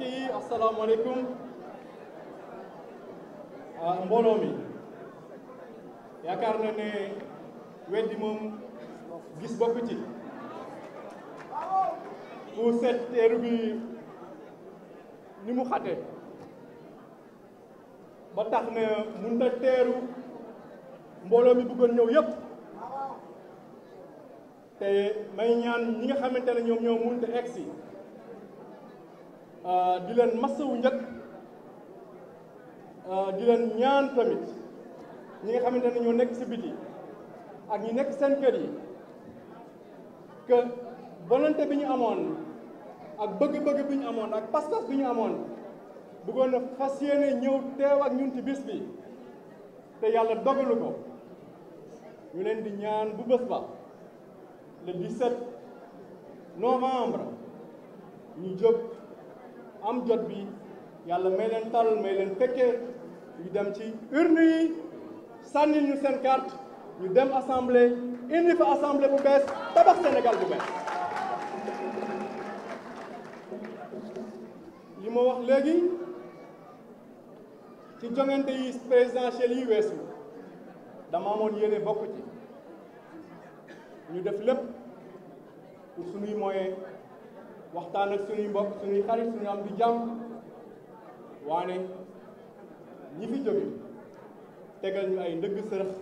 mbokk yi asalaamaaleykum ah, mbooloo mi yaakaar na ne weddi moom gis bokk ci pour seet teeru bi ni mu xate ba tax na mun na teeru mbooloo mi bëggoon ñëw yépp te may ñaan ñi nga xamante ne ñoom ñoo mun te si Euh, di leen masawu njëkk euh, di leen ñaan tamit ñi nga xamante ne ñoo nekk si biti ak ñi nekk seen kër yi que volonté bi ñu amoon ak bëgg-bëgg bi ñu amoon ak pas-pas bi ñu amoon bëggoon na fas yéene ñëw teew ak ñun ci bis bi te yàlla dogalu ko ñu leen di ñaan bu bés ba le 17 novembre ñu jóg. am jot bi yàlla may leen tal may leen ñu dem ci urne yi sànnil ñu seen carte ñu dem assemblée indi fa assemblée bu bees tabax Sénégal bu bees li ma wax léegi ci joŋante yi est yi weesu dama ci ñu def lépp pour suñuy moyen waxtaan ak suñuy mbokk suñuy xarit suñu am di jàmm waane ñi fi jóge tegal ñu ay ndëgg sërëx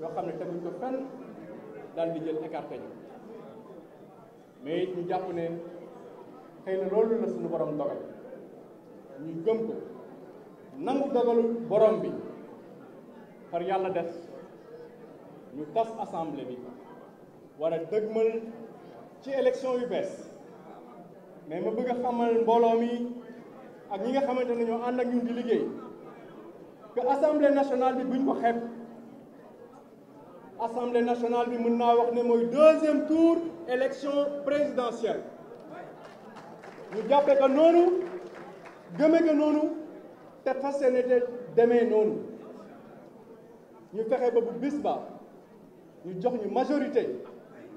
yoo xam ne teguñ ko fenn daal di jël écarté ñu mais ñu jàpp ne xëy na loolu la suñu borom dogal ñu gëm ko nangu dogalu borom bi par yàlla def ñu tas assemblée bi war a dëgmal ci élection yu bees mais ma bëgg a xamal mbooloo mi ak ñi nga xamante ne ñoo ànd ak ñun di liggéey que assemblée nationale bi buñ ko xeeb assemblée nationale bi mën naa wax ne mooy deuxième tour élection présidentielle ñu jàppe ko noonu gëme ko noonu te fas yéene te demee noonu ñu fexe ba bu bis ba ñu jox ñu majorité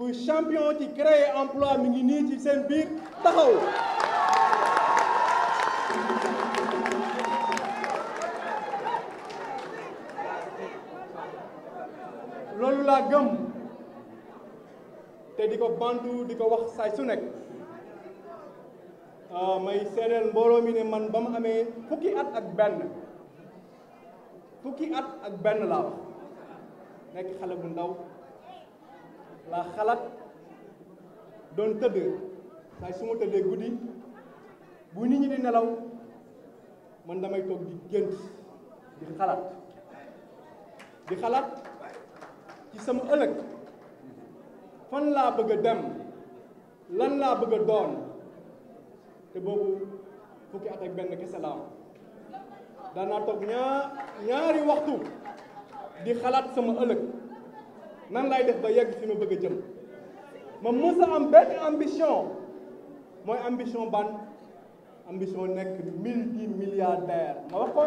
kuy champion ci créer emploi mi ngi nii ci seen biir taxaw loolu laa gëm te di ko bantu di ko wax saay su nekk ah, may seedeel mbooloo mi ne man ba mu amee fukki at ak benn fukki at ak benn laa wax nekk xale bu ndaw laa xalaat doon tëdd saay su ma tëddee guddi bu nit ñi nelaw man damay toog di gént di xalaat di xalaat ci sama ëllëg fan laa bëgg a dem lan laa bëgg a doon te boobu fukki at ak benn kese laa danaa toog ñaar ñaari waxtu di xalaat sama ëllëg nan laay def ba yegg fi ma bëgg a jëm ma mës am benn ambition mooy ambition ban ambition nekk multi milliardaire ma wax ko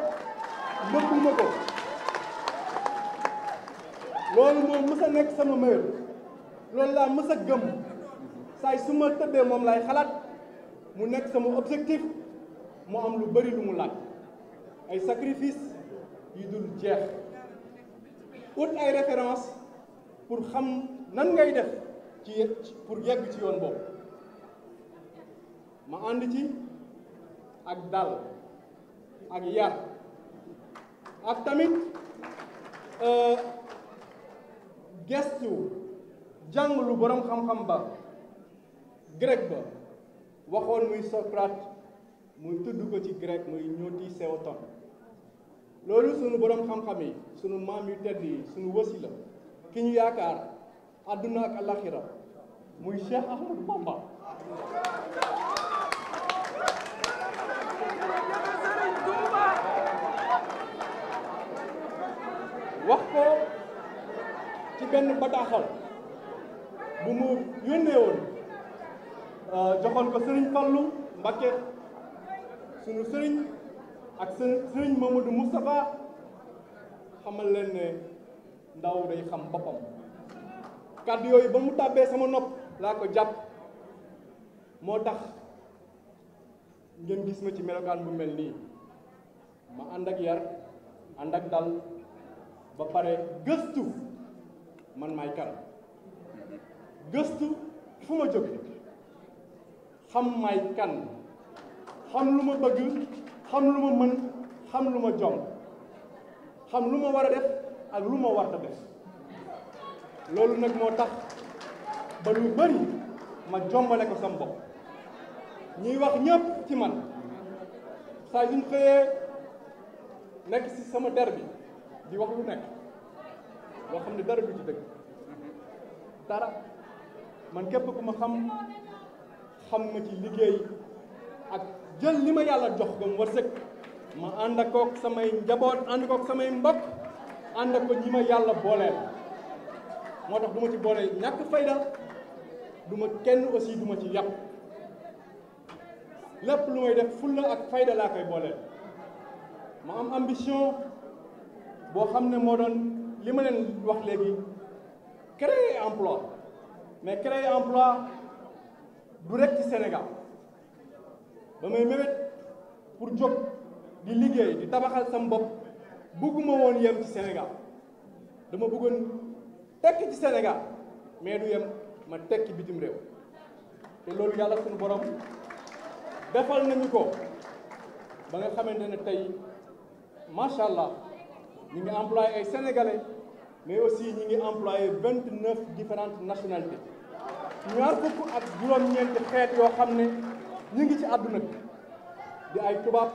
nëbbuma ko loolu moom mës nekk sama mër loolu laa mës a gëm saay su ma tëddee moom laay xalaat mu nekk sama objectif mu am lu bari lu mu laaj ay sacrifice yu dul jeex ut ay référence pour xam nan ngay def ci pour yegg ci yoon boobu ma ànd ci ak dàll ak yar ak tamit euh, gestu jàng lu borom xam-xam ba grec ba waxoon muy Socrate muy tudd ko ci grec muy ñooti sewaton loolu sunu borom xam-xam yi sunu maam yu tedd yi sunu wasila la ki ñu yaakaar àdduna ak alaxira muy Cheikh Ahmadou Bamba wax ko ci benn bataaxal bu mu yónnee woon euh, ko sëriñ Fallou Mbacké sunu sëriñ ak sëriñ Mamadou Moustapha xamal ndaw day xam boppam kàddu yooyu ba mu tàbbee sama nopp laa ko jàpp moo ngeen gis ma ci melokaan bu mel ma ànd yar ànd dal ba pare gëstu man maay kan gëstu fu ma jóge xam maay kan xam lu ma bëgg xam lu mën xam lu jom xam lu ma def ak lu ma war a loolu nag moo tax ba lu bëri ma jombale ko sama bopp ñuy wax ñëpp ci man saa yuñ xëyee nekk ci sama der bi di wax nekk loo xam ne dara du ci dëgg dara man képp ku ma xam xam ma ci liggéey ak jël li ma yàlla jox ba mu ma ànd ak kook samay njaboot ànd kook samay mbokk ànd ak ko ñi ma yàlla booleel moo tax du ma ci boole ñàkk fayda du ma kenn aussi du ma ci yàpp lépp lu may def fulla ak fayda laa booleel moo am ambition boo xam ne moo doon li ma leen wax léegi créer emploi mais créer emploi du rek ci Sénégal ba may mébét pour jóg di liggéey di tabaxal sam bopp bëgguma woon yem ci Sénégal dama bëggoon tekk ci senegal mais du yem ma tekki bitim réew te loolu yàlla suñu borom defal nañu ko ba nga xamante ne tey macha allah ñu ngi employé ay sénégalais mais aussi ñu ngi employé vingt neuf différentes nationalités ñaar fukk ak juróom-ñeenti xeet yoo xam ne ñu ngi ci àdduna bi di ay tubaab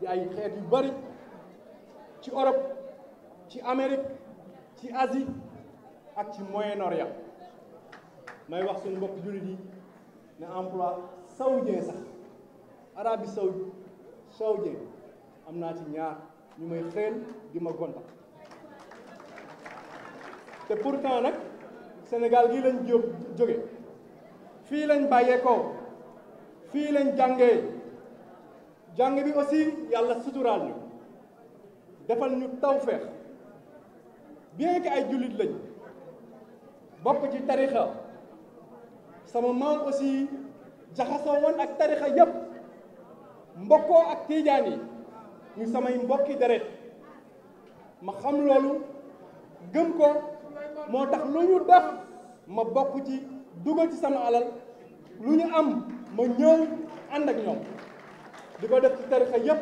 di ay xeet yu bari ci Europe ci Amérique ci Asie ak ci Moyen-Orient may wax suñu mbokk jullit yi ne emploi saoudien sax Arabie saoudi saoudien am naa ci ñaar ñu may xeel di ma gonta te pourtant nag Sénégal gii lañ jó jóge fii lañ bàyyeekoo fii lañ jàngee jàng bi aussi yàlla suturaal ñu defal ñu tawféex bien que ay jullit lañ bokk ci tarixa sama maam aussi jaxasoo woon ak tarixa yépp mbokkoo ak tiijaan yi ñu samay mbokki deret ma xam loolu gëm ko moo tax lu ñu def ma bokk ci dugal ci sama alal lu ñu am ma ñëw ànd ak ñoom di ko def ci tarixa yépp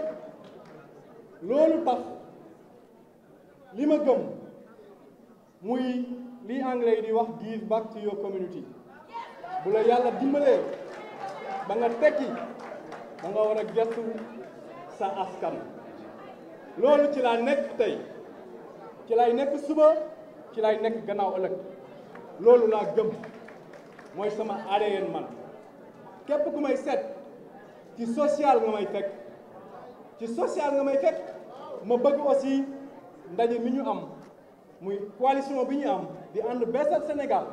loolu tax li ma gëm muy li anglais yi di wax give back to your community bu la yàlla dimbalee ba nga tekki ba nga war a gëstu sa askan loolu ci laa nekk tey ci lay nekk suba ci lay nekk gannaaw ëllëg loolu laa gëm mooy sama ADN man képp ku may seet ci social nga may fekk ci social nga may fekk ma bëgg aussi ndaje mi ñu am muy coalition bi ñu am di ànd beesal Sénégal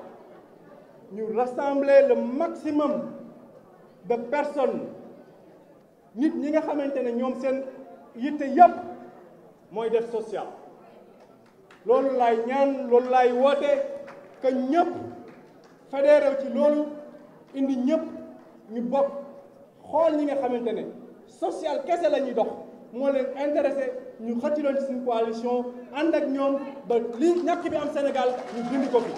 ñu rassembler le maximum de personnes nit ñi nga xamante ne ñoom seen yitte yépp mooy def social loolu laay ñaan loolu laay woote que ñëpp fédéré ci loolu indi ñëpp ñu bokk xool ñi nga xamante ne social kese la ñuy dox moo leen intéressé ñu xatiloon ci suñu coalition ànd ak ñoom ba li ñàkk bi am Sénégal ñu dindi ko fi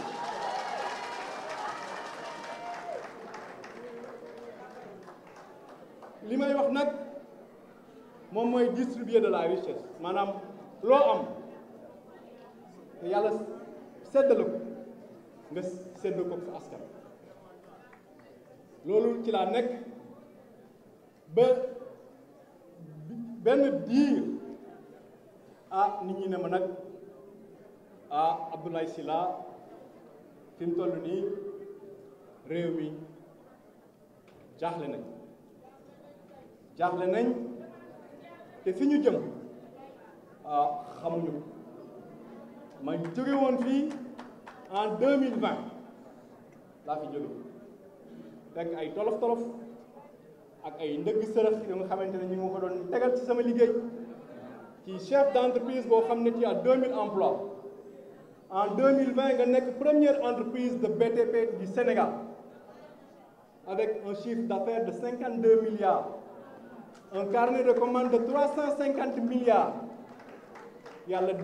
li may wax nag moom mooy distribuer de la richesse maanaam loo am te yàlla séddale ko nga séddale ko sa askan loolu ci laa nekk ba benn diir a ah, ni ñi ne ma nag a ah, Abdoulaye Sylla fi mu toll nii réew mi jaaxle nañ jaaxle nañ te fi ñu jëm ah xamuñu ma jóge woon fii en 2020 laa fi jóge fekk ay tolof tolof ak ay ndëgg sërëx yoo nga xamante ne ñu ngi ko doon tegal ci sama liggéey est chef d'entreprise qui a 2000 emplois en 2020 nga la première entreprise de BTP du Sénégal avec un chiffre d'affaires de 52 milliards un carnet de commandes de 350 milliards Il y a Il y a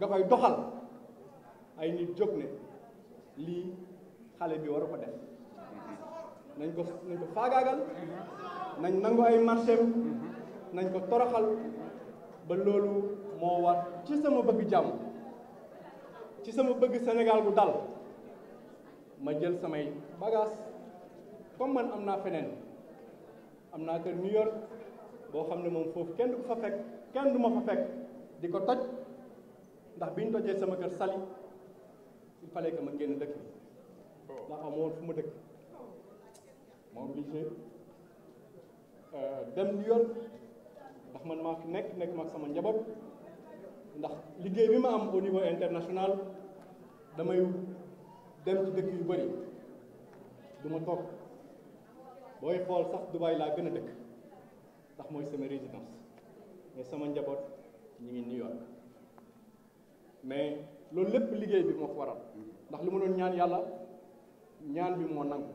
ko def nañ ko nañ marché nañ ko toroxal ba loolu moo war ci sama bëgg jàmm ci sama bëgg Sénégal bu dal ma jël samay bagage comme man am naa feneen am naa kër New York boo xam ne moom foofu kenn du ko fa fekk kenn du ma fa fekk di ko toj ndax biñ tojee sama kër Saly il fallait que ma génn dëkk bi ndax amoon fu ma dëkk ma obligé euh, dem New York ndax man maa fi nekk nekk mag sama njaboot ndax liggéey bi ma am au niveau international damay dem ci dëkk yu bari du ma toog booy xool sax Dubaï laa gën a dëkk ndax mooy sama résidence mais sama njaboot ñu ngi New York mais loolu lépp liggéey bi moo ko waral ndax li ma doon ñaan yàlla ñaan bi moo nangu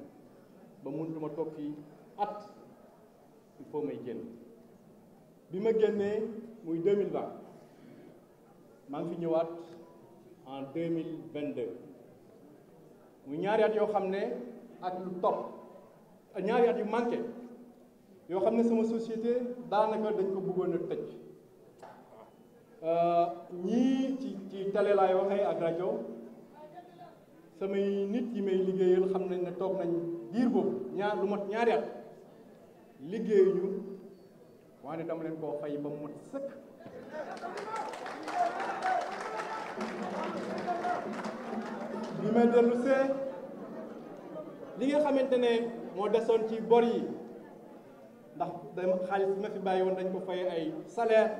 ba mënutuma toog fii at il faut may génn bima suis venu muy 2020 fi ñëwaat en 2022 muy ñaari at yo xamné ak lu top ñaari at yu manké yo xamné sama société naka dañ ko euh ñi ci ci télé waxé ak radio samay nit yi may liggéeyal xam nañ ne nañ diir ñaar lu waaye dama leen koo fay ba mu sëkk bi may dellu see li nga xamante ne moo desoon ci bor yi ndax dama xaalis bi ma fi bàyyi woon dañ ko fay ay salaire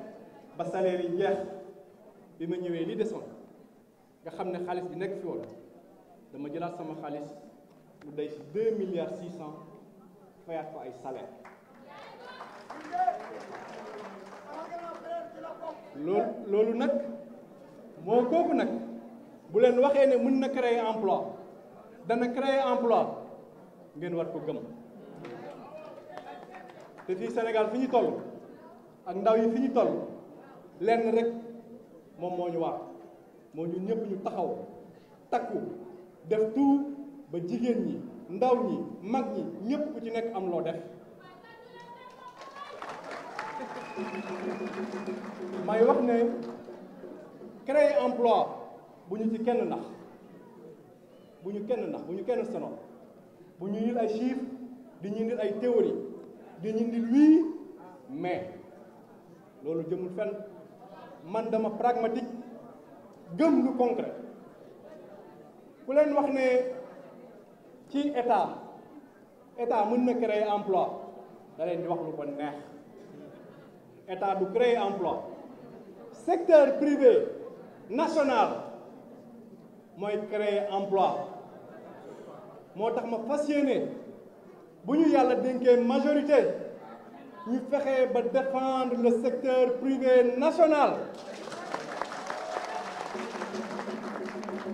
ba salaire yi jeex bi ma ñëwee li desoon nga xam ne xaalis bi nekk fi woon dama jëlaat sama xaalis mu day si deux milliards six cent fayaat ko ay salaire loolu loolu nag moo kooku nag bu leen waxee ne mën na créer emploi dana créer emplois ngeen war ko gëm te fii Sénégal fi ñu toll ak ndaw yi fi ñu toll lenn rek moom mooñu wax war moo ñu ñëpp ñu taxaw takku def tout ba jigéen ñi ndaw ñi mag ñi ñëpp ku ci nekk am loo def may wax ne créer emploi bu ñu ci kenn nax bu ñu kenn nax bu ñu kenn seno bu ñu indil ay chiffres di ñu indil ay théorie di ñu indil wii mais loolu jëmul fenn man dama pragmatique gëm lu concret ku leen wax ne ci état état mën na créer emploi da leen di wax lu ko neex état du créer emploi secteur privé national moi, créer emploi motax ma suis passionné, yalla a majorité ñu défendre le secteur privé national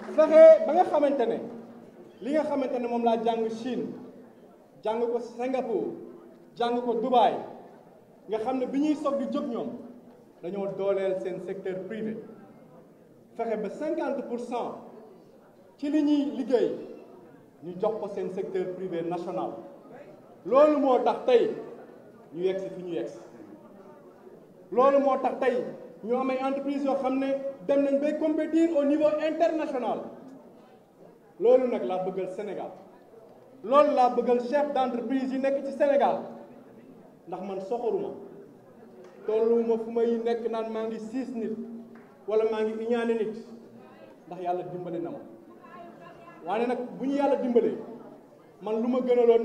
je ba nga je li nga Chine Singapour Dubaï nga xam biñuy bi ñom dañoo secteur privé 50% ba 50% secteur privé national loolu qui tax tay ñu yex fi ñu yex compétir au niveau international loolu nak la bëggal Sénégal loolu la chef d'entreprise yi Sénégal ndax man soxoruma tolluma fu may nekk naan maa ngi siis nit wala maa ngi iñaane nit ndax yàlla dimbale na ma waaye nag bu ñu yàlla dimbalee man lu ma gënaloon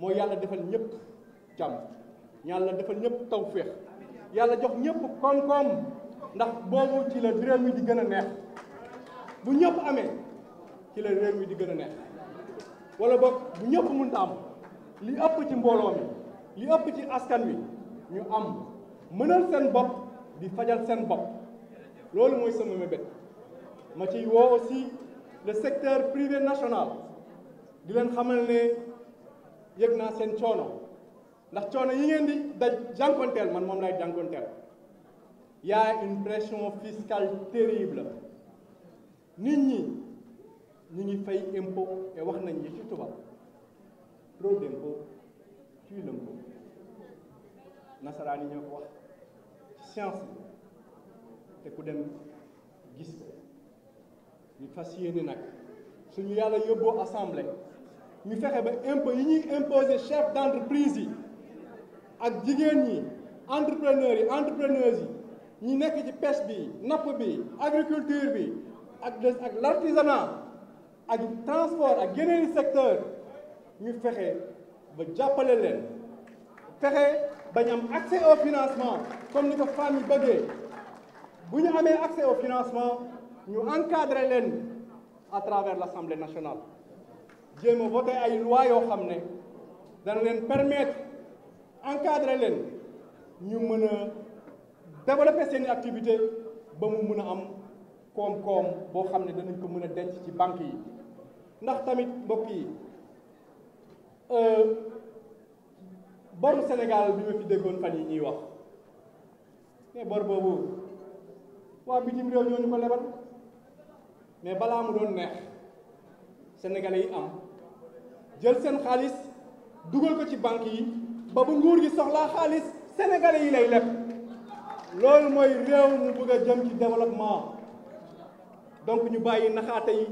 mooy yàlla defal ñépp jàmm yàlla defal ñëpp tawféex yàlla jox ñëpp koom-koom ndax boobu ci la réew mi di gën a neex bu ñëpp amee ci la réew mi di gën a neex wala boog bu ñëpp mënta am li ëpp ci mbooloo mi li ëpp ci askan wi ñu am mënal seen bopp di fajal seen bopp loolu mooy sama mébét ma ciy woo aussi le secteur privé national di leen xamal ne yëg naa seen coono ndax coono yi ngeen di daj jànkonteel man moom lay jànkonteel y a une pression fiscale terrible nit ñi ñu ngi fay impôt et wax nañ ñi ci tubaab trop d'impôt tue l'impôt nasaraan yi ñoo ko wax ci science bi te ku dem gis ko ñu fas yéene nag suñu yàlla yóbboo assemblée ñu fexe ba impôt yi ñuy imposé chef d'entreprise yi ak jigéen ñi entrepreneurs yi entrepreneuses yi ñi nekk ci pêche bi napp bi agriculture bi ak des ak l'artisanat ak transport ak yeneeni secteur ñu fexe ba jàppale leen fexe bañ am accès au financement comme notre famille nous avons accès au financement nous à travers l'Assemblée nationale jéem voté une loi yoo permettre encadrer Nous ñu développer ces activité ba nous comme am Nous ko boru Sénégal bi ma fi déggoon fan yi ñuy wax mais bor boobu waa bitim réew ñoo ñu ko lebal mais balaa mu doon neex sénégalais yi am jël seen xaalis dugal ko ci banque yi ba bu nguur gi soxlaa xaalis sénégalais yi lay leb loolu mooy réew mu bëgg a jëm ci développement donc ñu bàyyi naxaate yi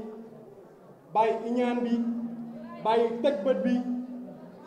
bàyyi iñaan bi bàyyi teg bët bi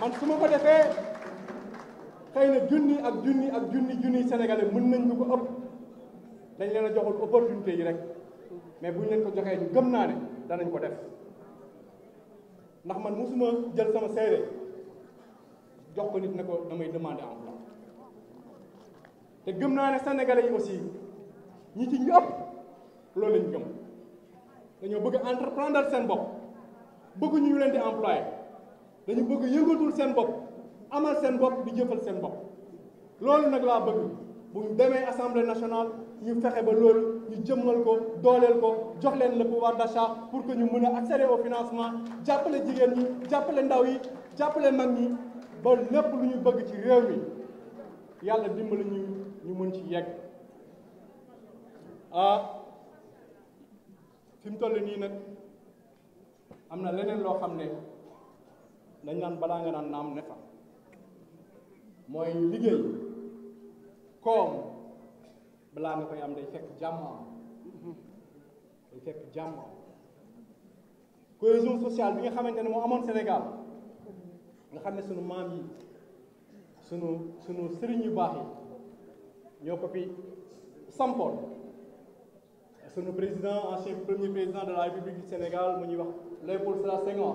man su ma ko defee xëy na junni ak junni ak junni junni sénégalais mën nañ ko ëpp dañ leen a joxul opportunité yi rek mais buñ leen ko joxee ñu gëm naa ne danañ ko def ndax man musuma jël sama seede jox ko nit ne ko damay demande emploi te gëm naa ne sénégalais yi aussi ñi ci ñëpp loolu lañ gëm dañoo bëgg entreprendre seen bopp bëgg ñu leen di employé dañu bëgg yëngatul seen bopp amal seen bopp di jëfal seen bopp loolu nag laa bëgg bu ñu demee assemblée nationale ñu fexe ba loolu ñu jëmmal ko dooleel ko jox leen le pouvoir d'achat pour que ñu mën a accéder au financement jàppale jigéen ñi jàppale ndaw yi jàppale mag ñi ba lépp lu ñu bëgg ci réew mi yàlla dimbali ñu ñu mën ci yegg ah fi mu toll nii nag am na leneen loo xam ne. dañ naan balaa nga naan naam ne fa mooy liggéey koom balaa nga koy am day fekk jàmm day fekk jàmm am cohésion sociale bi nga xamante ne moom amoon Sénégal nga xam ne suñu maam yi sunu sunu sëriñ yu baax yi ñoo ko fi sampoon sunu président ancien premier président de la République du Sénégal mu ñuy wax Léopold la Senghor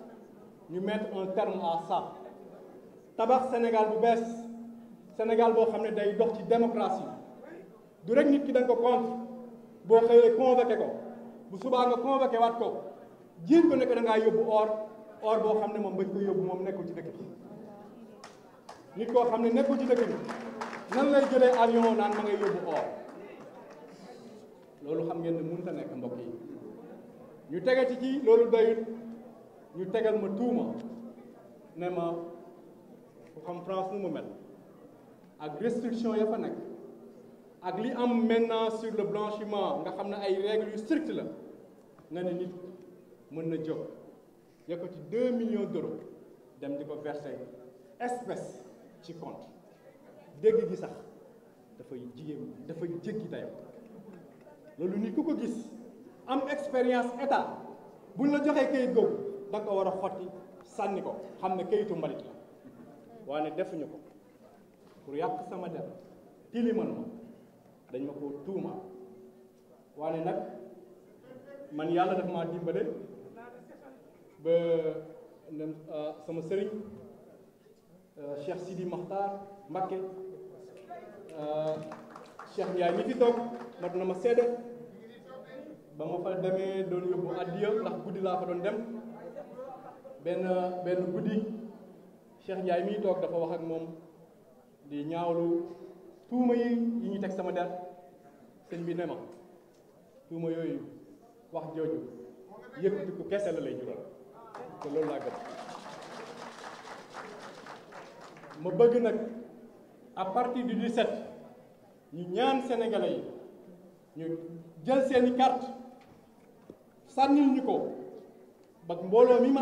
ñu mettre un terme à ça tabax Sénégal bu bees Sénégal boo xam ne day dox ci démocratie du rek nit ki da ko contre boo xëyee convoqué ko bu subaa nga convoqué waat ko jiiñ ko ne ko da ngaa yóbbu or or boo xam ne moom bañ ko yóbbu moom nekkul ci dëkk bi nit koo xam ne nekkul ci dëkk bi nan lay jëlee avion naan ma ngay yóbbu or loolu xam ngeen ne mënut a nekk mbokk yi ñu tege ci ci loolu doyut ñu tegal ma tuuma ne ma ku xam France nu mu mel ak restriction ya fa nekk ak li am maintenant sur le blanchiment nga xam ne ay règles yu strictes la nga ne nit mën na jóg yëkkati 2 millions d'euros dem di ko verser espèce ci compte dégg gi sax dafay jigéen dafay jéggi dayo loolu nit ku ko gis am expérience état buñ la joxee kayit googu da nga ko war a xotti sànni ko xam ne kayitu mbalit la waane defuñu ko pour yàq sama der tilimal ma dañ ma ko tuuma waane nag man yàlla daf maa dimbale ba ah, sama sëriñ ah, cheikh sidi maxtar mbakke ah, cheikh ndiaye mi fi toog mat na ma seede ba ma fa doon ndax fa doon dem ben ben guddi Cheikh Ndiaye mi toog dafa wax ak moom di ñaawlu tuuma yi ñu teg sama der sëñ bi ne ma tuuma yooyu wax jooju yëkkati ko kese la lay jural te loolu laa gëm ma bëgg nag à partir du 17 ñu ñaan sénégalais yi ñu jël seeni carte ba mi ma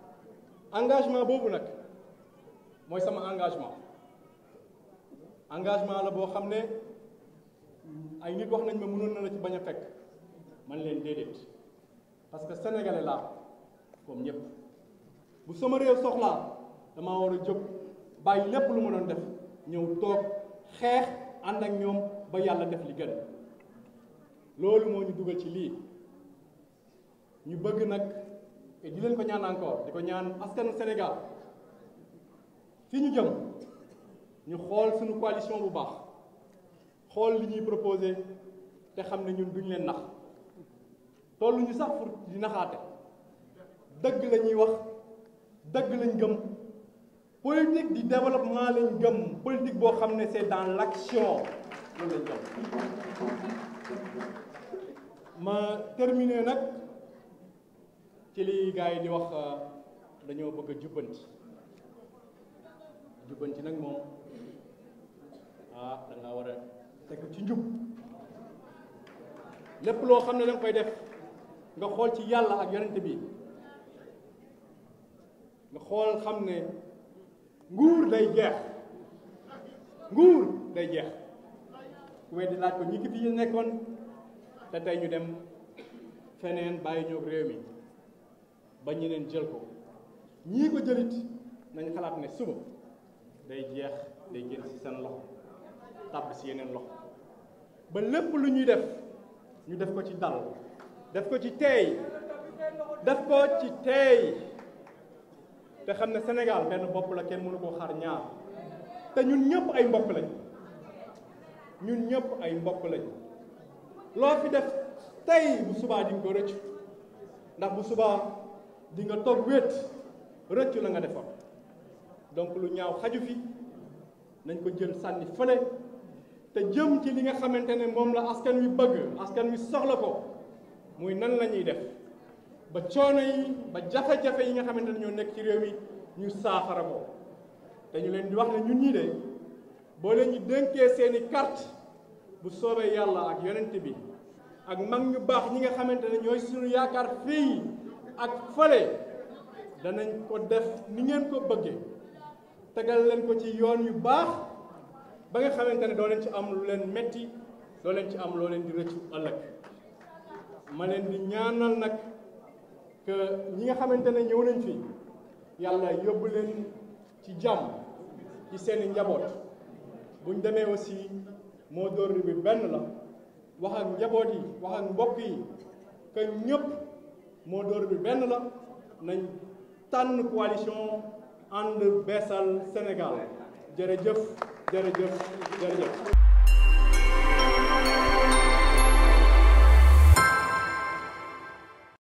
engagement bobu nak moy sama engagement engagement la bo xamne ay nit wax nañ ma mënon na la ci baña fekk man leen dedet parce que sénégalais la comme ñep bu sama réew soxla dama wara a jóg bàyyi lépp lu mënon def ñëw tok xex ànd ak ñom ba yàlla def li gën lolu moo ñu dugal ci li ñu bëgg nak et di leen ko ñaan encore di ñaan askanu Sénégal fi ñu jëm ñu suñu coalition bu baax xool li ñuy proposé ñun leen nax tollu ñu la politique du développement lañ politique c'est dans l'action ma terminer ci li gaa yi di wax euh, dañoo bëgg a jubbanti jubbanti nag moom ah da nga war a teg ci njub lépp loo xam ne da koy def nga xool ci yàlla ak yonent bi nga xool xam ne nguur day jeex nguur day jeex ku weddi laaj ko ñi ki fi nekkoon te tey ñu dem feneen bàyyi ñoog réew mi ba ñeneen jël ko ñii ko jëlit nañ xalaat ne suba day jeex day génn ci seen loxo tàbb ci yeneen loxo ba lépp lu ñuy def ñu def ko ci dal def ko ci teey def ko ci teey te xam ne Sénégal benn bopp la kenn mënu koo xaar ñaar te ñun ñëpp ay mbopp lañ ñun ñëpp ay mbopp lañ loo fi def tey bu subaa di nga ko rëcc ndax bu di nga toog wéet rëccu la nga defoon donc lu ñaaw xaju fi nañ ko jël sànni fële te jëm ci li nga xamante ne moom la askan wi bëgg askan wi soxla ko muy nan la ñuy def ba coono yi ba jafe-jafe yi nga xamante ne ñoo nekk ci réew mi ñu saafara ko te ñu leen di wax ne ñun ñii de boo leen ñu dénkee seeni carte bu soobee yàlla ak yonent bi ak mag ñu baax ñi nga xamante ne suñu yaakaar fi ak fële danañ ko def ni ngeen ko bëggee tegal leen ko ci yoon yu baax ba nga xamante ne doo leen ci am lu leen metti doo leen ci am loo leen di rëccu ëllëg ma leen di ñaanal nag que ñi nga xamante ne ñëw nañ fi yàlla yóbbu leen ci jàmm ci seeni njaboot buñ demee aussi moo dóor bi benn la wax ak njaboot yi wax ak mbokk yi que ñëpp moo dóor bi benn la nañ tànn coalition ànd beesal Sénégal jërëjëf jërëjëf jërëjëf